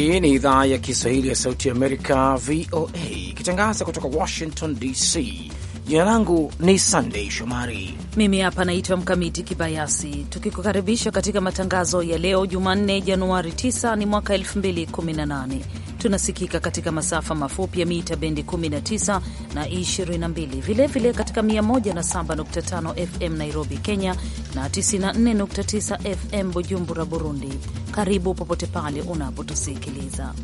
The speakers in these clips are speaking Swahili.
Hii ni idhaa ya Kiswahili ya Sauti Amerika, VOA, ikitangaza kutoka Washington DC. Jina langu ni Sandei Shomari. Mimi hapa naitwa Mkamiti Kibayasi, tukikukaribisha katika matangazo ya leo Jumanne, Januari 9 ni mwaka 2018 Tunasikika katika masafa mafupi ya mita bendi 19 na 22, vilevile vile katika 107.5 FM Nairobi, Kenya na 94.9 FM Bujumbura, Burundi. Karibu popote pale unapotusikiliza.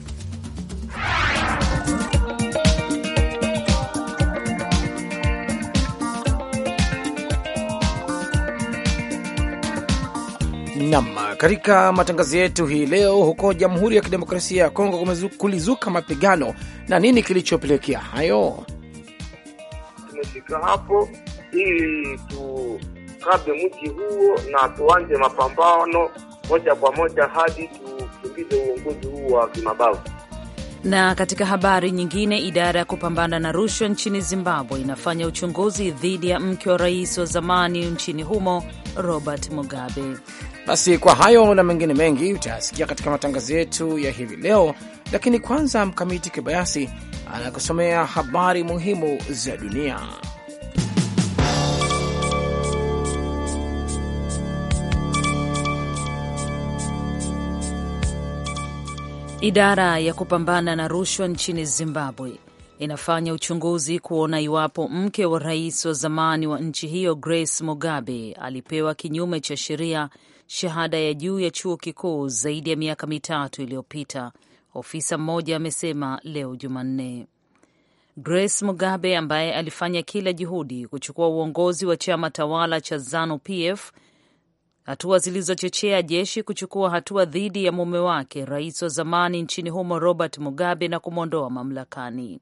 Nam, katika matangazo yetu hii leo, huko Jamhuri ya Kidemokrasia ya Kongo kulizuka mapigano, na nini kilichopelekea hayo? Tumefika hapo ili tukabe mji huo na tuanze mapambano moja kwa moja hadi tukimbize uongozi huo wa kimabavu. Na katika habari nyingine, idara ya kupambana na rushwa nchini Zimbabwe inafanya uchunguzi dhidi ya mke wa rais wa zamani nchini humo Robert Mugabe. Basi kwa hayo na mengine mengi utayasikia katika matangazo yetu ya hivi leo, lakini kwanza, Mkamiti Kibayasi anakusomea habari muhimu za dunia. Idara ya kupambana na rushwa nchini Zimbabwe inafanya uchunguzi kuona iwapo mke wa rais wa zamani wa nchi hiyo Grace Mugabe alipewa kinyume cha sheria shahada ya juu ya chuo kikuu zaidi ya miaka mitatu iliyopita, ofisa mmoja amesema leo Jumanne. Grace Mugabe ambaye alifanya kila juhudi kuchukua uongozi wa chama tawala cha ZANU-PF, hatua zilizochochea jeshi kuchukua hatua dhidi ya mume wake, rais wa zamani nchini humo Robert Mugabe, na kumwondoa mamlakani.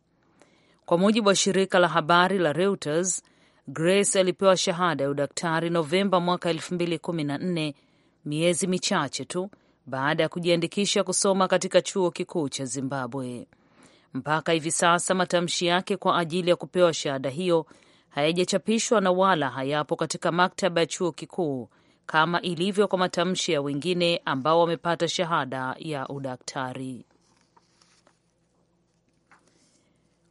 Kwa mujibu wa shirika la habari la Reuters, Grace alipewa shahada ya udaktari Novemba mwaka 2014, miezi michache tu baada ya kujiandikisha kusoma katika chuo kikuu cha Zimbabwe. Mpaka hivi sasa matamshi yake kwa ajili ya kupewa shahada hiyo hayajachapishwa na wala hayapo katika maktaba ya chuo kikuu kama ilivyo kwa matamshi ya wengine ambao wamepata shahada ya udaktari.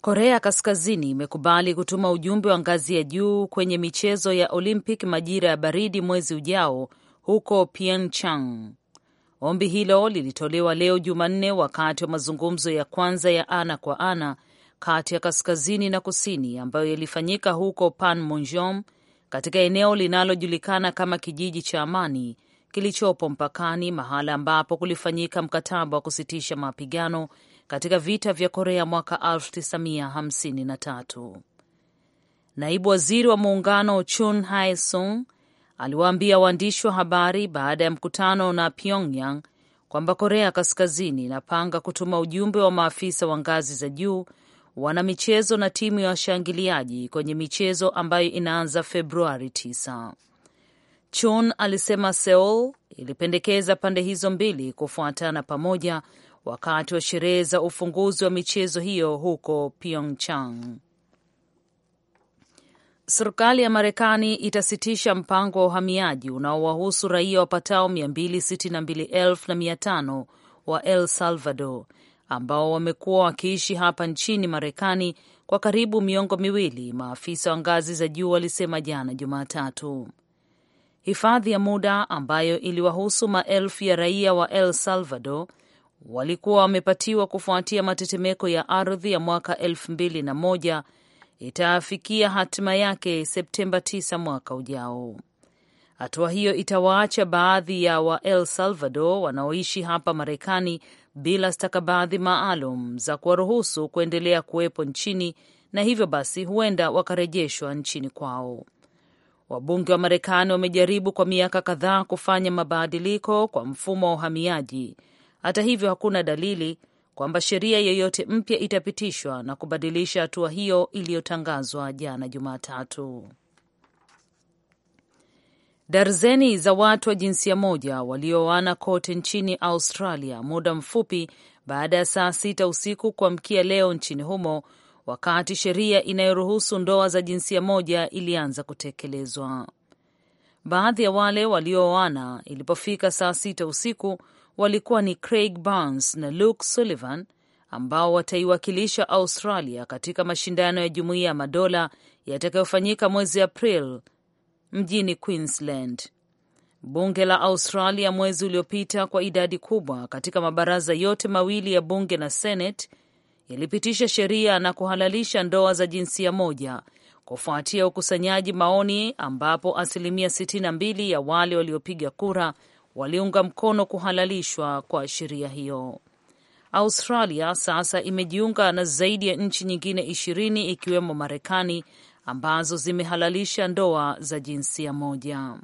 Korea Kaskazini imekubali kutuma ujumbe wa ngazi ya juu kwenye michezo ya olympic majira ya baridi mwezi ujao huko Pyeongchang. Ombi hilo lilitolewa leo Jumanne wakati wa mazungumzo ya kwanza ya ana kwa ana kati ya kaskazini na kusini ambayo yalifanyika huko Panmunjom katika eneo linalojulikana kama kijiji cha amani kilichopo mpakani, mahala ambapo kulifanyika mkataba wa kusitisha mapigano katika vita vya Korea mwaka 1953. Naibu waziri wa muungano Chun Hai Sung aliwaambia waandishi wa habari baada ya mkutano na Pyongyang kwamba Korea Kaskazini inapanga kutuma ujumbe wa maafisa wa ngazi za juu, wanamichezo na timu ya washangiliaji kwenye michezo ambayo inaanza Februari 9. Chun alisema Seoul ilipendekeza pande hizo mbili kufuatana pamoja wakati wa sherehe za ufunguzi wa michezo hiyo huko Pyeongchang. Serikali ya Marekani itasitisha mpango wa uhamiaji unaowahusu raia wapatao 262,500 wa El Salvador ambao wamekuwa wakiishi hapa nchini Marekani kwa karibu miongo miwili, maafisa wa ngazi za juu walisema jana Jumatatu. Hifadhi ya muda ambayo iliwahusu maelfu ya raia wa El Salvador walikuwa wamepatiwa kufuatia matetemeko ya ardhi ya mwaka elfu mbili na moja itaafikia hatima yake Septemba 9 mwaka ujao. Hatua hiyo itawaacha baadhi ya wa El Salvador wanaoishi hapa Marekani bila stakabadhi maalum za kuwaruhusu kuendelea kuwepo nchini na hivyo basi huenda wakarejeshwa nchini kwao. Wabunge wa Marekani wamejaribu kwa miaka kadhaa kufanya mabadiliko kwa mfumo wa uhamiaji hata hivyo, hakuna dalili kwamba sheria yoyote mpya itapitishwa na kubadilisha hatua hiyo iliyotangazwa jana Jumatatu. Darzeni za watu wa jinsia moja walioana kote nchini Australia muda mfupi baada ya saa sita usiku kuamkia leo nchini humo, wakati sheria inayoruhusu ndoa za jinsia moja ilianza kutekelezwa. Baadhi ya wale walioana ilipofika saa sita usiku walikuwa ni Craig Barnes na Luke Sullivan ambao wataiwakilisha Australia katika mashindano ya Jumuiya ya Madola yatakayofanyika mwezi April mjini Queensland. Bunge la Australia mwezi uliopita, kwa idadi kubwa katika mabaraza yote mawili ya bunge na Senate, ilipitisha sheria na kuhalalisha ndoa za jinsia moja kufuatia ukusanyaji maoni, ambapo asilimia 62 ya wale waliopiga kura waliunga mkono kuhalalishwa kwa sheria hiyo. Australia sasa imejiunga na zaidi ya nchi nyingine ishirini ikiwemo Marekani ambazo zimehalalisha ndoa za jinsia moja.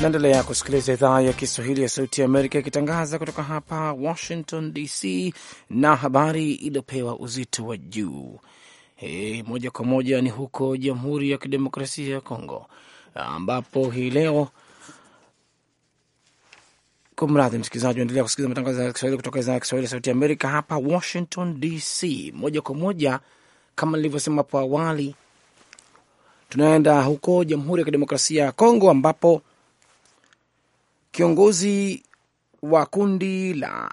Naendelea kusikiliza idhaa ya Kiswahili ya Sauti ya Amerika ikitangaza kutoka hapa Washington DC, na habari iliyopewa uzito wa juu hii moja kwa moja ni huko Jamhuri ya Kidemokrasia ya Kongo ambapo hii leo Kumradhi msikilizaji, unaendelea kusikiliza matangazo ya Kiswahili kutoka idhaa ya Kiswahili ya Sauti ya Amerika hapa Washington DC. Moja kwa moja, kama nilivyosema hapo awali, tunaenda huko Jamhuri ya Kidemokrasia ya Kongo ambapo Kiongozi wa kundi la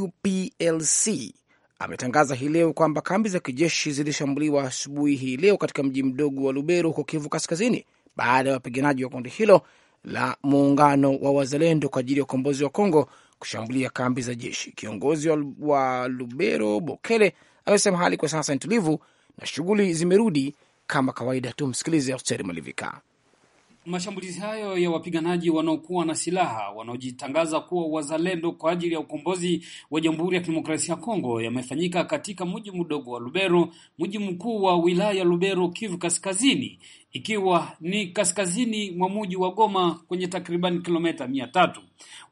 UPLC ametangaza hii leo kwamba kambi za kijeshi zilishambuliwa asubuhi hii leo katika mji mdogo wa Lubero huko Kivu Kaskazini, baada ya wapiganaji wa kundi hilo la muungano wa wazalendo kwa ajili ya ukombozi wa Kongo kushambulia kambi za jeshi. Kiongozi wa Lubero Bokele amesema hali kwa sasa ni tulivu na shughuli zimerudi kama kawaida. Tumsikilize Austeri Malivika. Mashambulizi hayo ya wapiganaji wanaokuwa na silaha wanaojitangaza kuwa wazalendo kwa ajili ya ukombozi wa Jamhuri ya Kidemokrasia ya Kongo yamefanyika katika mji mdogo wa Lubero, mji mkuu wa wilaya Lubero, Kivu Kaskazini, ikiwa ni kaskazini mwa mji wa Goma kwenye takriban kilomita mia tatu.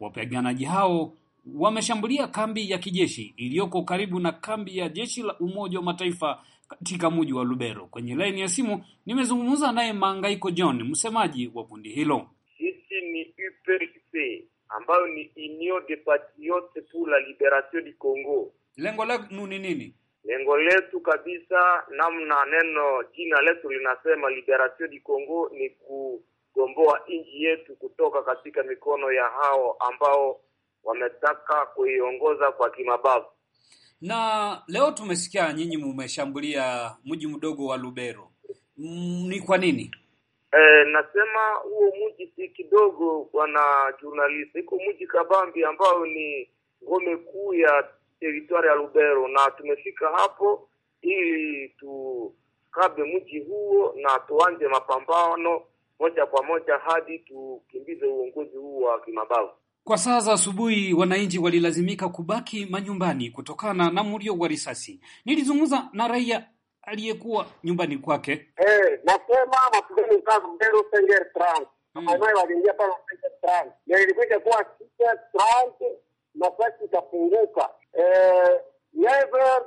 Wapiganaji hao wameshambulia kambi ya kijeshi iliyoko karibu na kambi ya jeshi la Umoja wa Mataifa katika mji wa Lubero. Kwenye laini ya simu nimezungumza naye mangaiko John, msemaji wa kundi hilo. Sisi ni UPRC ambayo ni Union des Patriotes pour la Liberation du Congo. Lengo lenu ni nini? Lengo letu kabisa, namna neno jina letu linasema Liberation du Congo, ni kugomboa nchi yetu kutoka katika mikono ya hao ambao wametaka kuiongoza kwa kimabavu. Na leo tumesikia nyinyi mumeshambulia mji mdogo wa Lubero. Mm, ni kwa nini? E, nasema huo mji si kidogo bwana journalist, iko mji kabambi ambayo ni ngome kuu ya teritwari ya Lubero, na tumefika hapo ili tukabe mji huo na tuanze mapambano moja kwa moja hadi tukimbize uongozi huu wa kimabavu. Kwa saa za asubuhi, wananchi walilazimika kubaki manyumbani kutokana na mlio wa risasi. Nilizungumza na raia aliyekuwa nyumbani kwake. Eh, nasema mapigano mbele Trans. Hmm. Maana waliingia pale Trans. ilikuja kuwa Trans na Eh, never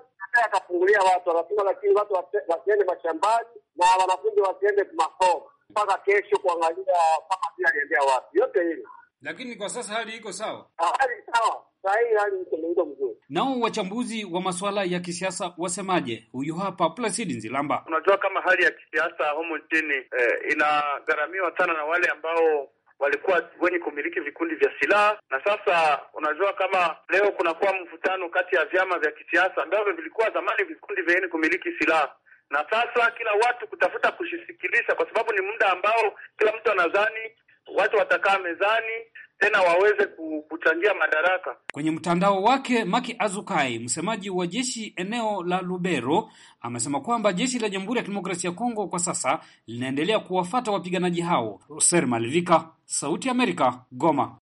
akafungulia watu wanasema, lakini watu wasiende mashambani na wanafunzi wasiende masomo mpaka kesho kuangalia kama aliendea watu yote hili lakini kwa sasa hali iko sawa. Ah, hali sawa sahii, hali iko mzuri. Nao wachambuzi wa masuala ya kisiasa wasemaje? Huyu hapa Placid Nzilamba. Unajua kama hali ya kisiasa humu nchini eh, inagharamiwa sana na wale ambao walikuwa wenye kumiliki vikundi vya silaha, na sasa unajua kama leo kunakuwa mvutano kati ya vyama vya kisiasa ambavyo vilikuwa zamani vikundi vyenye kumiliki silaha na sasa kila watu kutafuta kushisikiliza, kwa sababu ni muda ambao kila mtu anadhani watu watakaa mezani tena waweze kuchangia madaraka. Kwenye mtandao wake, Maki Azukai, msemaji wa jeshi eneo la Lubero, amesema kwamba jeshi la Jamhuri ya Kidemokrasia ya Kongo kwa sasa linaendelea kuwafata wapiganaji hao. Oser Malivika, Sauti ya Amerika, Goma.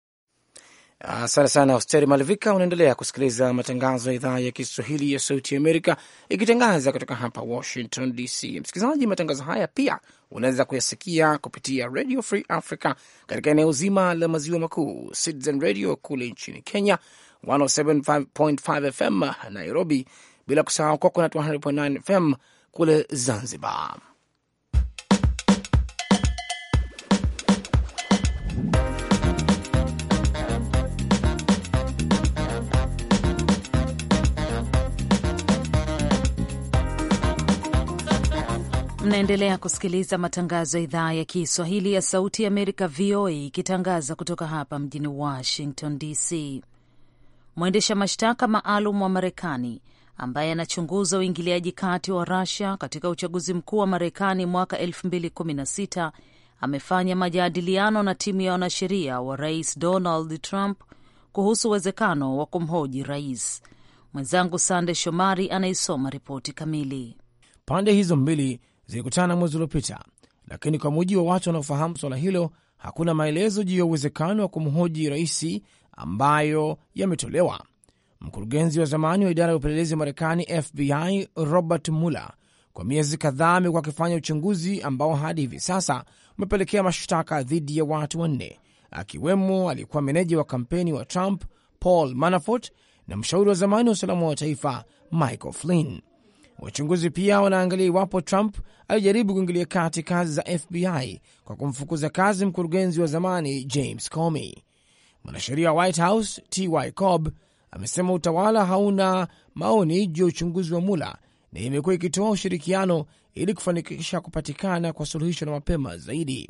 Asante sana Hosteri Malivika. Unaendelea kusikiliza matangazo ya idhaa ya Kiswahili ya Sauti ya Amerika ikitangaza kutoka hapa Washington DC. Msikilizaji, matangazo haya pia unaweza kuyasikia kupitia Radio Free Africa katika eneo zima la maziwa makuu, Citizen Radio kule nchini Kenya, 107.5 FM Nairobi, bila kusahau Coconut 100.9 FM kule Zanzibar. Mnaendelea kusikiliza matangazo ya idhaa ya Kiswahili ya Sauti ya Amerika, VOA, ikitangaza kutoka hapa mjini Washington DC. Mwendesha mashtaka maalum wa Marekani ambaye anachunguza uingiliaji kati wa Rusia katika uchaguzi mkuu wa Marekani mwaka 2016 amefanya majadiliano na timu ya wanasheria wa Rais Donald Trump kuhusu uwezekano wa kumhoji rais. Mwenzangu Sande Shomari anaisoma ripoti kamili. Pande hizo mbili zilikutana mwezi uliopita, lakini kwa mujibu wa watu wanaofahamu swala hilo, hakuna maelezo juu ya uwezekano wa kumhoji rais ambayo yametolewa. Mkurugenzi wa zamani wa idara ya upelelezi wa Marekani FBI Robert Mueller kwa miezi kadhaa amekuwa akifanya uchunguzi ambao hadi hivi sasa umepelekea mashtaka dhidi ya watu wanne akiwemo aliyekuwa meneja wa kampeni wa Trump Paul Manafort na mshauri wa zamani wa usalama wa taifa Michael Flynn. Wachunguzi pia wanaangalia iwapo Trump alijaribu kuingilia kati kazi za FBI kwa kumfukuza kazi mkurugenzi wa zamani James Comey. Mwanasheria wa White House Ty Cobb amesema utawala hauna maoni juu ya uchunguzi wa Mula na imekuwa ikitoa ushirikiano ili kufanikisha kupatikana kwa suluhisho la mapema zaidi.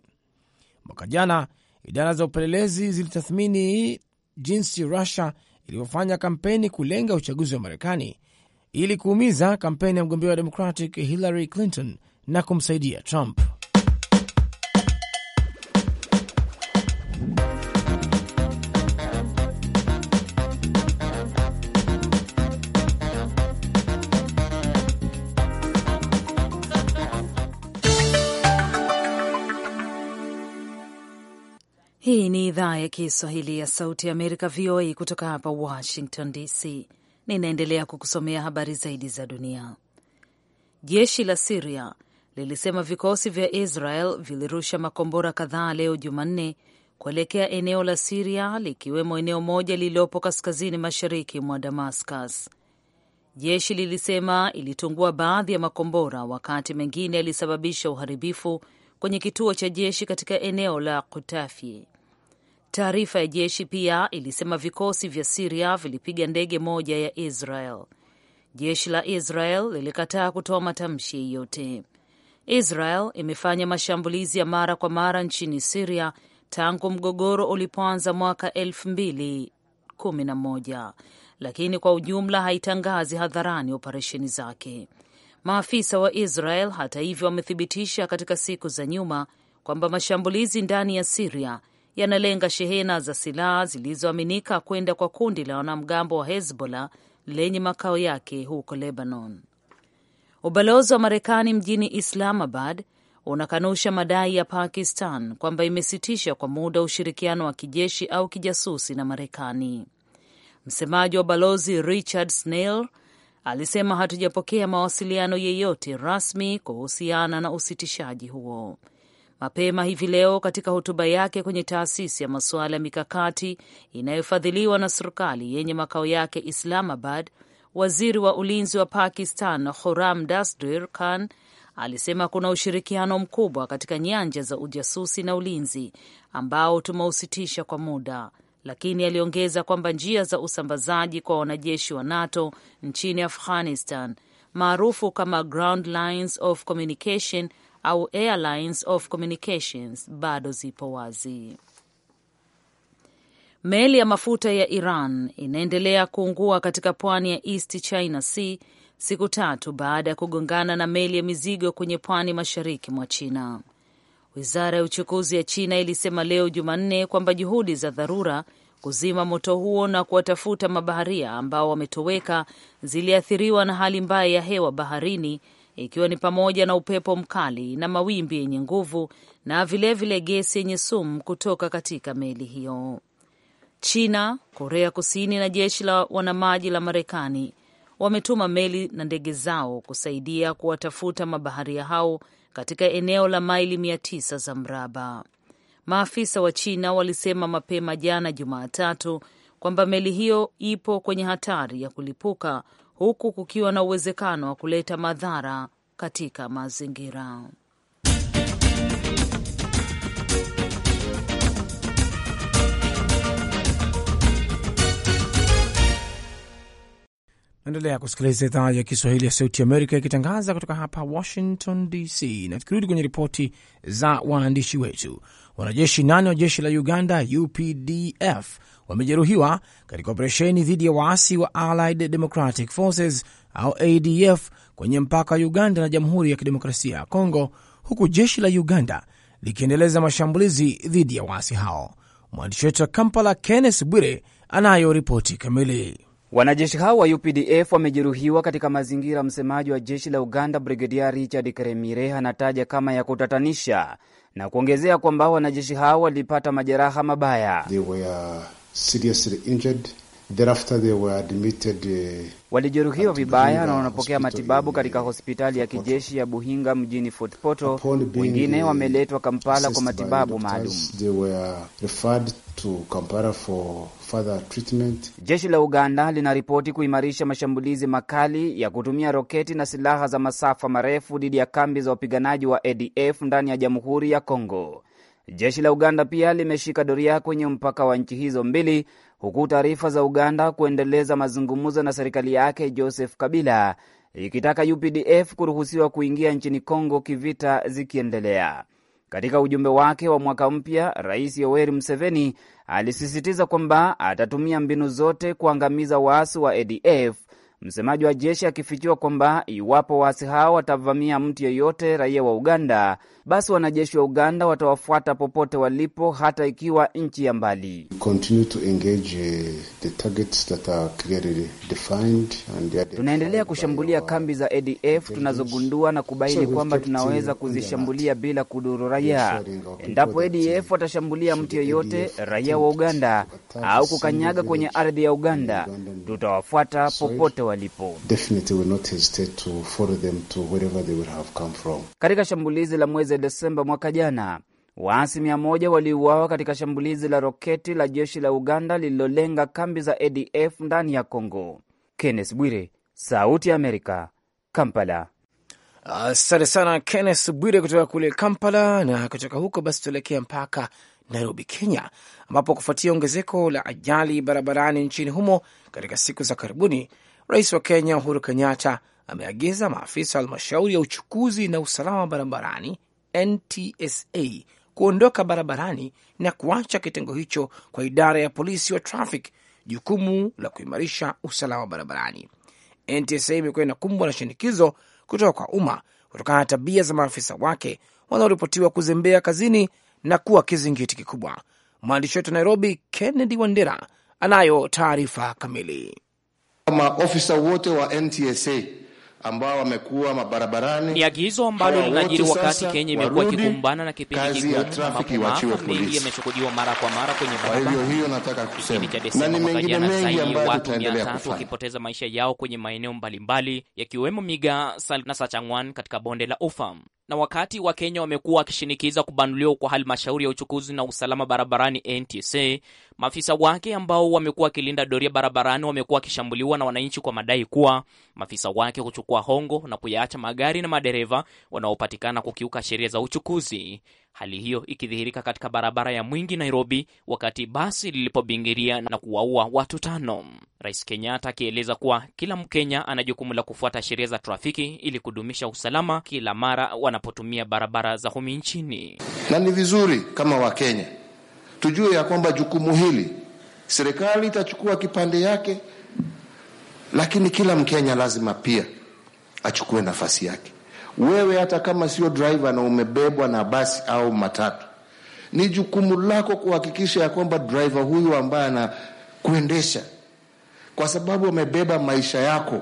Mwaka jana idara za upelelezi zilitathmini jinsi Rusia ilivyofanya kampeni kulenga uchaguzi wa Marekani ili kuumiza kampeni ya mgombea wa Democratic Hillary Clinton na kumsaidia Trump. Hii ni idhaa ya Kiswahili ya Sauti ya Amerika, VOA, kutoka hapa Washington DC. Ninaendelea kukusomea habari zaidi za dunia. Jeshi la Siria lilisema vikosi vya Israel vilirusha makombora kadhaa leo Jumanne kuelekea eneo la Siria likiwemo eneo moja lililopo kaskazini mashariki mwa Damascus. Jeshi lilisema ilitungua baadhi ya makombora, wakati mengine yalisababisha uharibifu kwenye kituo cha jeshi katika eneo la Kutafye. Taarifa ya jeshi pia ilisema vikosi vya Siria vilipiga ndege moja ya Israel. Jeshi la Israel lilikataa kutoa matamshi yeyote Israel imefanya mashambulizi ya mara kwa mara nchini Siria tangu mgogoro ulipoanza mwaka elfu mbili kumi na moja, lakini kwa ujumla haitangazi hadharani operesheni zake. Maafisa wa Israel hata hivyo wamethibitisha katika siku za nyuma kwamba mashambulizi ndani ya Siria yanalenga shehena za silaha zilizoaminika kwenda kwa kundi la wanamgambo wa Hezbollah lenye makao yake huko Lebanon. Ubalozi wa Marekani mjini Islamabad unakanusha madai ya Pakistan kwamba imesitisha kwa muda ushirikiano wa kijeshi au kijasusi na Marekani. Msemaji wa balozi Richard Snail alisema hatujapokea mawasiliano yeyote rasmi kuhusiana na usitishaji huo. Mapema hivi leo, katika hotuba yake kwenye taasisi ya masuala ya mikakati inayofadhiliwa na serikali yenye makao yake Islamabad, Waziri wa ulinzi wa Pakistan Khuram Dastur Khan alisema kuna ushirikiano mkubwa katika nyanja za ujasusi na ulinzi ambao tumeusitisha kwa muda, lakini aliongeza kwamba njia za usambazaji kwa wanajeshi wa NATO nchini Afghanistan maarufu kama Ground Lines of Communication au airlines of Communications bado zipo wazi. Meli ya mafuta ya Iran inaendelea kuungua katika pwani ya East China Sea siku tatu baada ya kugongana na meli ya mizigo kwenye pwani mashariki mwa China. Wizara ya uchukuzi ya China ilisema leo Jumanne kwamba juhudi za dharura kuzima moto huo na kuwatafuta mabaharia ambao wametoweka ziliathiriwa na hali mbaya ya hewa baharini, ikiwa ni pamoja na upepo mkali na mawimbi yenye nguvu na vilevile gesi yenye sumu kutoka katika meli hiyo. China, Korea Kusini na jeshi la wanamaji la Marekani wametuma meli na ndege zao kusaidia kuwatafuta mabaharia hao katika eneo la maili 900 za mraba. Maafisa wa China walisema mapema jana Jumatatu kwamba meli hiyo ipo kwenye hatari ya kulipuka huku kukiwa na uwezekano wa kuleta madhara katika mazingira. Naendelea kusikiliza idhaa ya Kiswahili ya Sauti Amerika ikitangaza kutoka hapa Washington DC. Na tukirudi kwenye ripoti za waandishi wetu, wanajeshi nane wa jeshi la Uganda UPDF wamejeruhiwa katika operesheni dhidi ya waasi wa Allied Democratic Forces au ADF kwenye mpaka wa Uganda na Jamhuri ya Kidemokrasia ya Kongo, huku jeshi la Uganda likiendeleza mashambulizi dhidi ya waasi hao. Mwandishi wetu wa Kampala Kenneth Bwire anayo ripoti kamili. Wanajeshi hao wa UPDF wamejeruhiwa katika mazingira, msemaji wa jeshi la Uganda Brigedia Richard Kremire anataja kama ya kutatanisha na kuongezea kwamba wanajeshi hao walipata majeraha mabaya They were admitted, eh, walijeruhiwa vibaya na wanapokea matibabu katika hospitali ya kijeshi ya Buhinga mjini Fort Poto. Wengine eh, wameletwa Kampala kwa matibabu maalum. Jeshi la Uganda linaripoti kuimarisha mashambulizi makali ya kutumia roketi na silaha za masafa marefu dhidi ya kambi za wapiganaji wa ADF ndani ya Jamhuri ya Kongo. Jeshi la Uganda pia limeshika doria kwenye mpaka wa nchi hizo mbili huku taarifa za Uganda kuendeleza mazungumzo na serikali yake Joseph Kabila ikitaka UPDF kuruhusiwa kuingia nchini Kongo kivita zikiendelea. Katika ujumbe wake wa mwaka mpya, Rais Yoweri Museveni alisisitiza kwamba atatumia mbinu zote kuangamiza waasi wa ADF, msemaji wa jeshi akifichua kwamba iwapo waasi hao watavamia mtu yeyote raia wa Uganda basi wanajeshi wa Uganda watawafuata popote walipo, hata ikiwa nchi ya mbali. Eh, Tunaendelea kushambulia kambi za ADF tunazogundua na kubaini kwamba tunaweza kuzishambulia bila kudhuru raia. Endapo ADF eh, watashambulia mtu yeyote, raia wa Uganda au kukanyaga kwenye ardhi ya Uganda, tutawafuata popote walipo. Katika shambulizi la mwezi mwezi Desemba mwaka jana, waasi 1 waliuawa katika shambulizi la roketi la jeshi la Uganda lililolenga kambi za ADF ndani ya Congo. Kenneth Bwire, Sauti ya Amerika, Kampala. Asante sana Kenneth Bwire kutoka kule Kampala. Na kutoka huko basi tuelekea mpaka Nairobi, Kenya, ambapo kufuatia ongezeko la ajali barabarani nchini humo katika siku za karibuni, rais wa Kenya Uhuru Kenyatta ameagiza maafisa wa halmashauri ya uchukuzi na usalama barabarani NTSA kuondoka barabarani na kuacha kitengo hicho kwa idara ya polisi wa traffic, jukumu la kuimarisha usalama barabarani. NTSA imekuwa inakumbwa na shinikizo kutoka kwa umma kutokana na tabia za maafisa wake wanaoripotiwa kuzembea kazini na kuwa kizingiti kikubwa. Mwandishi wetu Nairobi, Kennedy Wandera, anayo taarifa kamili. Maofisa wote wa NTSA ambao wamekuwa mabarabarani. Ni agizo ambalo linajiri wakati Kenya imekuwa ikikumbana na kipindi kigumu, maafa mengi yameshuhudiwa mara kwa mara kwenye barabara nataka kusema, na ni mengine mengi ambayo tutaendelea kufanya, wakipoteza maisha yao kwenye maeneo mbalimbali yakiwemo Migaa na Sachang'wan katika bonde la Ufa. Na wakati wa kenya wamekuwa wakishinikiza kubanduliwa kwa halmashauri ya uchukuzi na usalama barabarani NTSA, maafisa wake ambao wamekuwa wakilinda doria barabarani wamekuwa wakishambuliwa na wananchi kwa madai kuwa maafisa wake huchukua hongo na kuyaacha magari na madereva wanaopatikana kukiuka sheria za uchukuzi hali hiyo ikidhihirika katika barabara ya Mwingi Nairobi, wakati basi lilipobingiria na kuwaua watu tano. Rais Kenyatta akieleza kuwa kila Mkenya ana jukumu la kufuata sheria za trafiki ili kudumisha usalama kila mara wanapotumia barabara za humi nchini. Na ni vizuri kama Wakenya tujue ya kwamba jukumu hili serikali itachukua kipande yake, lakini kila Mkenya lazima pia achukue nafasi yake. Wewe hata kama sio driver na umebebwa na basi au matatu, ni jukumu lako kuhakikisha ya kwamba driver huyu ambaye anakuendesha, kwa sababu amebeba maisha yako,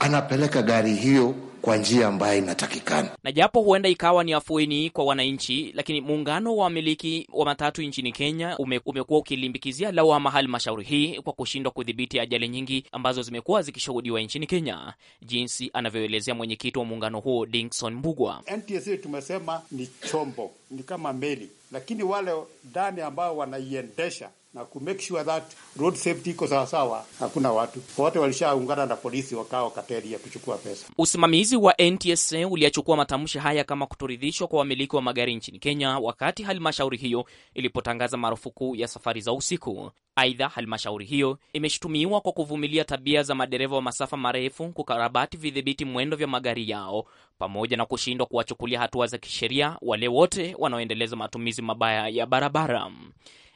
anapeleka gari hiyo kwa njia ambayo inatakikana. Na japo huenda ikawa ni afueni kwa wananchi, lakini muungano wa wamiliki wa matatu nchini Kenya ume, umekuwa ukilimbikizia lawama halmashauri hii kwa kushindwa kudhibiti ajali nyingi ambazo zimekuwa zikishuhudiwa nchini Kenya, jinsi anavyoelezea mwenyekiti wa muungano huo Dickson Mbugwa. NTSA tumesema ni chombo, ni kama meli, lakini wale ndani ambao wanaiendesha na ku make sure that road safety iko sawasawa. Hakuna watu wote walishaungana na polisi wakawa kateli ya kuchukua pesa. Usimamizi wa NTSA uliyachukua matamshi haya kama kutoridhishwa kwa wamiliki wa magari nchini Kenya wakati halmashauri hiyo ilipotangaza marufuku ya safari za usiku. Aidha, halmashauri hiyo imeshutumiwa kwa kuvumilia tabia za madereva wa masafa marefu kukarabati vidhibiti mwendo vya magari yao pamoja na kushindwa kuwachukulia hatua za kisheria wale wote wanaoendeleza matumizi mabaya ya barabara.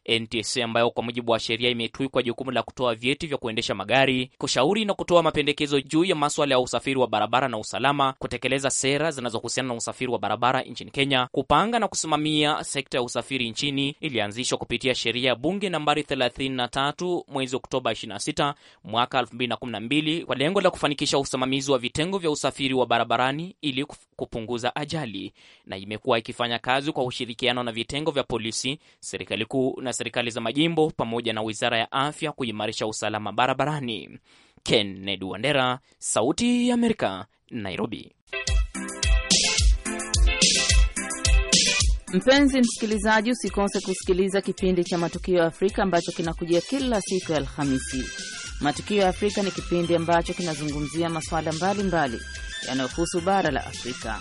NTSA ambayo kwa mujibu wa sheria imetwikwa jukumu la kutoa vyeti vya kuendesha magari, kushauri na kutoa mapendekezo juu ya maswala ya usafiri wa barabara na usalama, kutekeleza sera zinazohusiana na usafiri wa barabara nchini Kenya, kupanga na kusimamia sekta ya usafiri nchini. Ilianzishwa kupitia sheria ya bunge nambari 33 mwezi Oktoba 26 mwaka 2012 kwa lengo la kufanikisha usimamizi wa vitengo vya usafiri wa barabarani ili kupunguza ajali, na imekuwa ikifanya kazi kwa ushirikiano na vitengo vya polisi, serikali kuu na serikali za majimbo pamoja na wizara ya afya kuimarisha usalama barabarani. Kennedy Wandera, Sauti ya Amerika, Nairobi. Mpenzi msikilizaji, usikose kusikiliza kipindi cha Matukio ya Afrika ambacho kinakujia kila siku ya Alhamisi. Matukio ya Afrika ni kipindi ambacho kinazungumzia masuala mbalimbali yanayohusu bara la Afrika.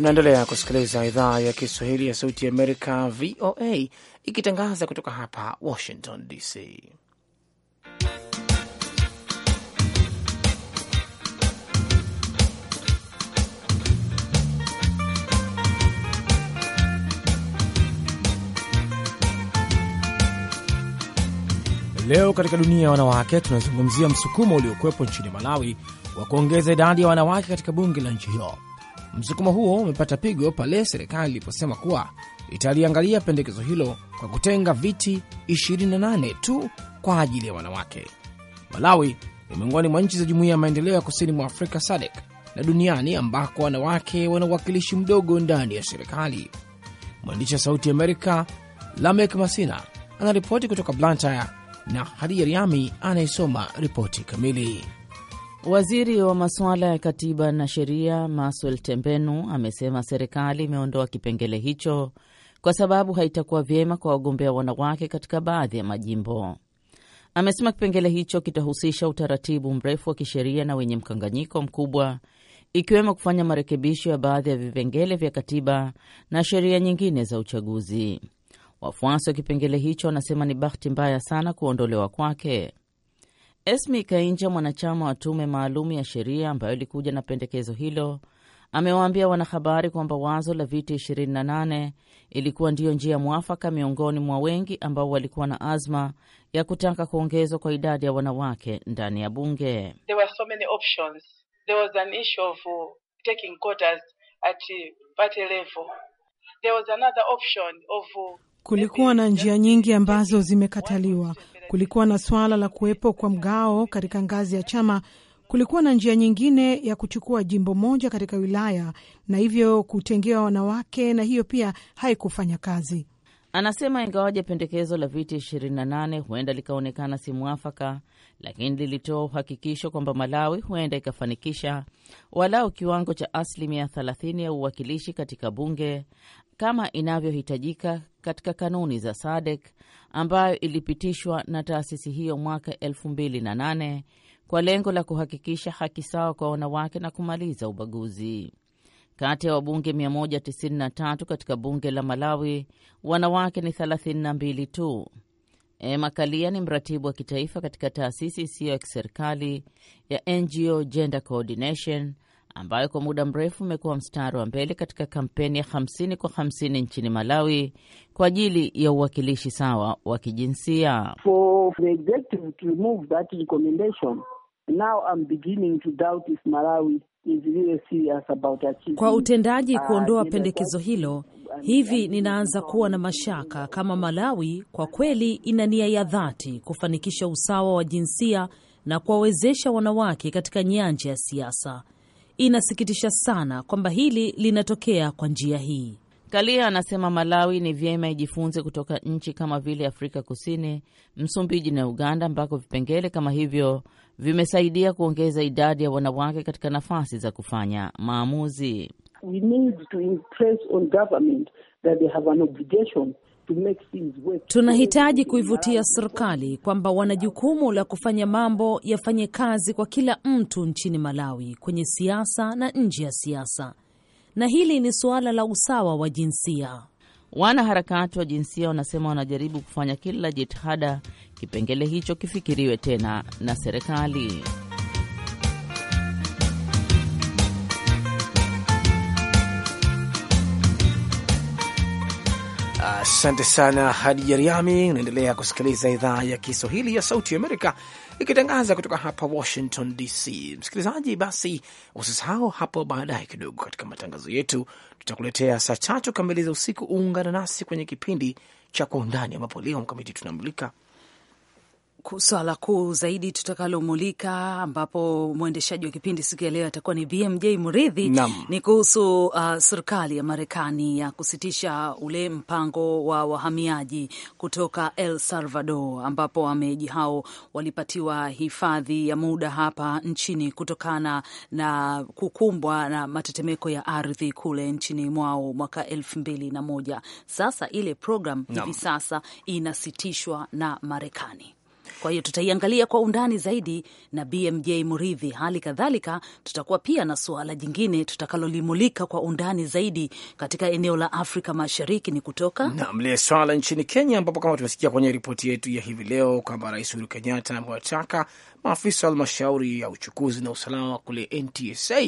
Mnaendelea kusikiliza idhaa ya Kiswahili ya Sauti ya Amerika, VOA, ikitangaza kutoka hapa Washington DC. Leo katika dunia ya wanawake tunazungumzia msukumo uliokuwepo nchini Malawi wa kuongeza idadi ya wanawake katika bunge la nchi hiyo. Msukumo huo umepata pigo pale serikali iliposema kuwa italiangalia pendekezo hilo kwa kutenga viti 28 tu kwa ajili ya wanawake. Malawi ni miongoni mwa nchi za Jumuiya ya Maendeleo ya Kusini mwa Afrika SADC na duniani ambako wanawake wana uwakilishi mdogo ndani ya serikali. Mwandishi wa Sauti Amerika Lamek Masina anaripoti kutoka Blantyre na Hadija Riami anayesoma ripoti kamili. Waziri wa masuala ya katiba na sheria Maswel Tembenu amesema serikali imeondoa kipengele hicho kwa sababu haitakuwa vyema kwa wagombea wanawake katika baadhi ya majimbo. Amesema kipengele hicho kitahusisha utaratibu mrefu wa kisheria na wenye mkanganyiko mkubwa, ikiwemo kufanya marekebisho ya baadhi ya vipengele vya katiba na sheria nyingine za uchaguzi. Wafuasi wa kipengele hicho wanasema ni bahati mbaya sana kuondolewa kwake. Esmi Kainja, mwanachama wa tume maalum ya sheria ambayo ilikuja na pendekezo hilo, amewaambia wanahabari kwamba wazo la viti 28 ilikuwa ndiyo njia mwafaka miongoni mwa wengi ambao walikuwa na azma ya kutaka kuongezwa kwa idadi ya wanawake ndani ya bunge. There were so many options. There was an issue of uh, taking quotas at party level. There was another option of uh, Kulikuwa na njia nyingi ambazo zimekataliwa. Kulikuwa na suala la kuwepo kwa mgao katika ngazi ya chama. Kulikuwa na njia nyingine ya kuchukua jimbo moja katika wilaya na hivyo kutengewa wanawake, na hiyo pia haikufanya kazi. Anasema ingawaje pendekezo la viti 28 huenda likaonekana si mwafaka, lakini lilitoa uhakikisho kwamba Malawi huenda ikafanikisha walau kiwango cha asilimia 30 ya uwakilishi katika bunge kama inavyohitajika katika kanuni za SADC ambayo ilipitishwa na taasisi hiyo mwaka 2008 kwa lengo la kuhakikisha haki sawa kwa wanawake na kumaliza ubaguzi. Kati ya wabunge 193 katika bunge la Malawi, wanawake ni 32 tu. Emma Kalia ni mratibu wa kitaifa katika taasisi isiyo ya kiserikali ya NGO Gender Coordination ambayo kwa muda mrefu umekuwa mstari wa mbele katika kampeni ya 50 kwa 50 nchini Malawi kwa ajili ya uwakilishi sawa wa kijinsia. Now I'm beginning to doubt if Malawi is really serious about achieving. Kwa utendaji uh, kuondoa pendekezo hilo, hivi ninaanza kuwa na mashaka kama Malawi kwa kweli ina nia ya dhati kufanikisha usawa wa jinsia na kuwawezesha wanawake katika nyanja ya siasa. Inasikitisha sana kwamba hili linatokea kwa njia hii. Kalia anasema Malawi ni vyema ijifunze kutoka nchi kama vile Afrika Kusini, Msumbiji na Uganda, ambako vipengele kama hivyo vimesaidia kuongeza idadi ya wanawake katika nafasi za kufanya maamuzi. We need to impress on government that they have an obligation Tunahitaji kuivutia serikali kwamba wana jukumu la kufanya mambo yafanye kazi kwa kila mtu nchini Malawi, kwenye siasa na nje ya siasa, na hili ni suala la usawa wa jinsia. Wanaharakati wa jinsia wanasema wanajaribu kufanya kila jitihada kipengele hicho kifikiriwe tena na serikali. Asante sana hadi jariami Unaendelea kusikiliza idhaa ya Kiswahili ya Sauti Amerika ikitangaza kutoka hapa Washington DC. Msikilizaji, basi usisahau hapo baadaye kidogo katika matangazo yetu tutakuletea saa tatu kamili za usiku. Uungana nasi kwenye kipindi cha Kwa Undani, ambapo leo Mkamiti tunamulika swala kuu zaidi tutakalomulika, ambapo mwendeshaji wa kipindi siku ya leo atakuwa ni BMJ Muridhi, ni kuhusu uh, serikali ya Marekani ya kusitisha ule mpango wa wahamiaji kutoka El Salvador, ambapo wameji hao walipatiwa hifadhi ya muda hapa nchini kutokana na kukumbwa na matetemeko ya ardhi kule nchini mwao mwaka elfu mbili na moja. Sasa ile program hivi sasa inasitishwa na Marekani. Kwa hiyo tutaiangalia kwa undani zaidi na BMJ Muridhi. Hali kadhalika tutakuwa pia na suala jingine tutakalolimulika kwa undani zaidi katika eneo la Afrika Mashariki ni kutoka nam lile swala nchini Kenya, ambapo kama tumesikia kwenye ripoti yetu ya hivi leo kwamba Rais Uhuru Kenyatta amewataka maafisa wa halmashauri ya uchukuzi na usalama kule NTSA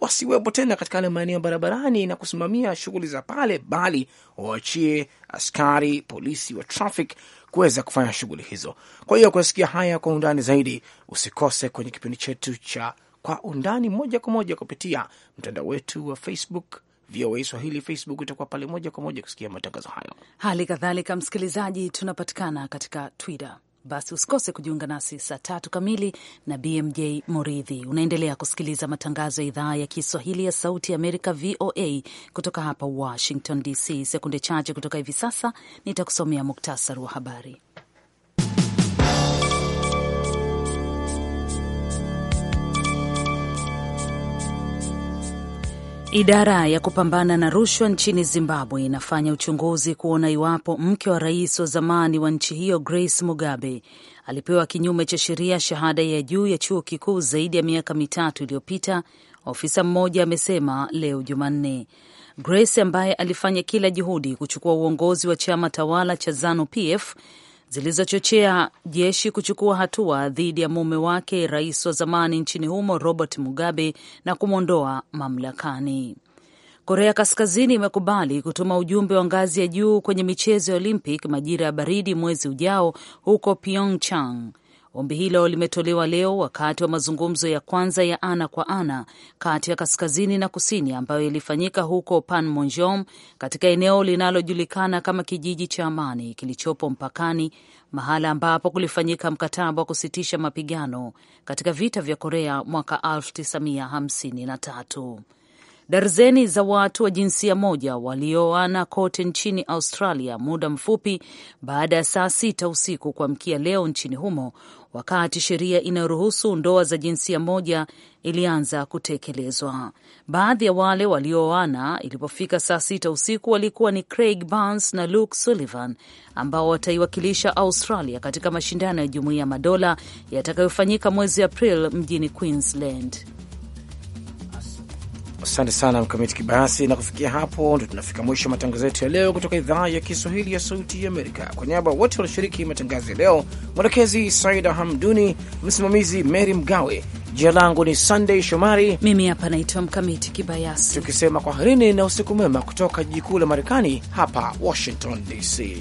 wasiwepo tena katika yale maeneo barabarani na kusimamia shughuli za pale, bali waachie askari polisi wa traffic kuweza kufanya shughuli hizo. Kwa hiyo kusikia haya kwa undani zaidi, usikose kwenye kipindi chetu cha Kwa Undani moja kwa moja kupitia mtandao wetu wa Facebook VOA Swahili Facebook itakuwa pale moja kwa moja kusikia matangazo hayo. Hali kadhalika, msikilizaji, tunapatikana katika Twitter basi usikose kujiunga nasi saa tatu kamili na BMJ moridhi Unaendelea kusikiliza matangazo ya idhaa ya Kiswahili ya Sauti ya Amerika, VOA, kutoka hapa Washington DC. Sekunde chache kutoka hivi sasa nitakusomea muktasari wa habari. Idara ya kupambana na rushwa nchini Zimbabwe inafanya uchunguzi kuona iwapo mke wa rais wa zamani wa nchi hiyo Grace Mugabe alipewa kinyume cha sheria shahada ya juu ya chuo kikuu zaidi ya miaka mitatu iliyopita, ofisa mmoja amesema leo Jumanne. Grace ambaye alifanya kila juhudi kuchukua uongozi wa chama tawala cha ZANU PF zilizochochea jeshi kuchukua hatua dhidi ya mume wake, rais wa zamani nchini humo Robert Mugabe, na kumwondoa mamlakani. Korea Kaskazini imekubali kutuma ujumbe wa ngazi ya juu kwenye michezo ya olimpic majira ya baridi mwezi ujao huko Pyeongchang. Ombi hilo limetolewa leo wakati wa mazungumzo ya kwanza ya ana kwa ana kati ya kaskazini na kusini ambayo ilifanyika huko Panmunjom katika eneo linalojulikana kama kijiji cha amani kilichopo mpakani, mahala ambapo kulifanyika mkataba wa kusitisha mapigano katika vita vya Korea mwaka 1953. Darzeni za watu wa jinsia moja walioana kote nchini Australia muda mfupi baada ya saa sita usiku kuamkia leo nchini humo wakati sheria inayoruhusu ndoa za jinsia moja ilianza kutekelezwa. Baadhi ya wale walioana ilipofika saa sita usiku walikuwa ni Craig Barnes na Luke Sullivan ambao wataiwakilisha Australia katika mashindano ya Jumuiya ya Madola yatakayofanyika mwezi April mjini Queensland. Asante sana Mkamiti Kibayasi, na kufikia hapo ndo tunafika mwisho wa matangazo yetu ya leo kutoka idhaa ya Kiswahili ya Sauti ya Amerika. Kwa niaba wote walioshiriki matangazo ya leo, mwelekezi Saida Hamduni, msimamizi Mary Mgawe, jina langu ni sandey Shomari, mimi hapa naitwa Mkamiti Kibayasi, tukisema kwaherini na usiku mwema kutoka jiji kuu la Marekani, hapa Washington DC.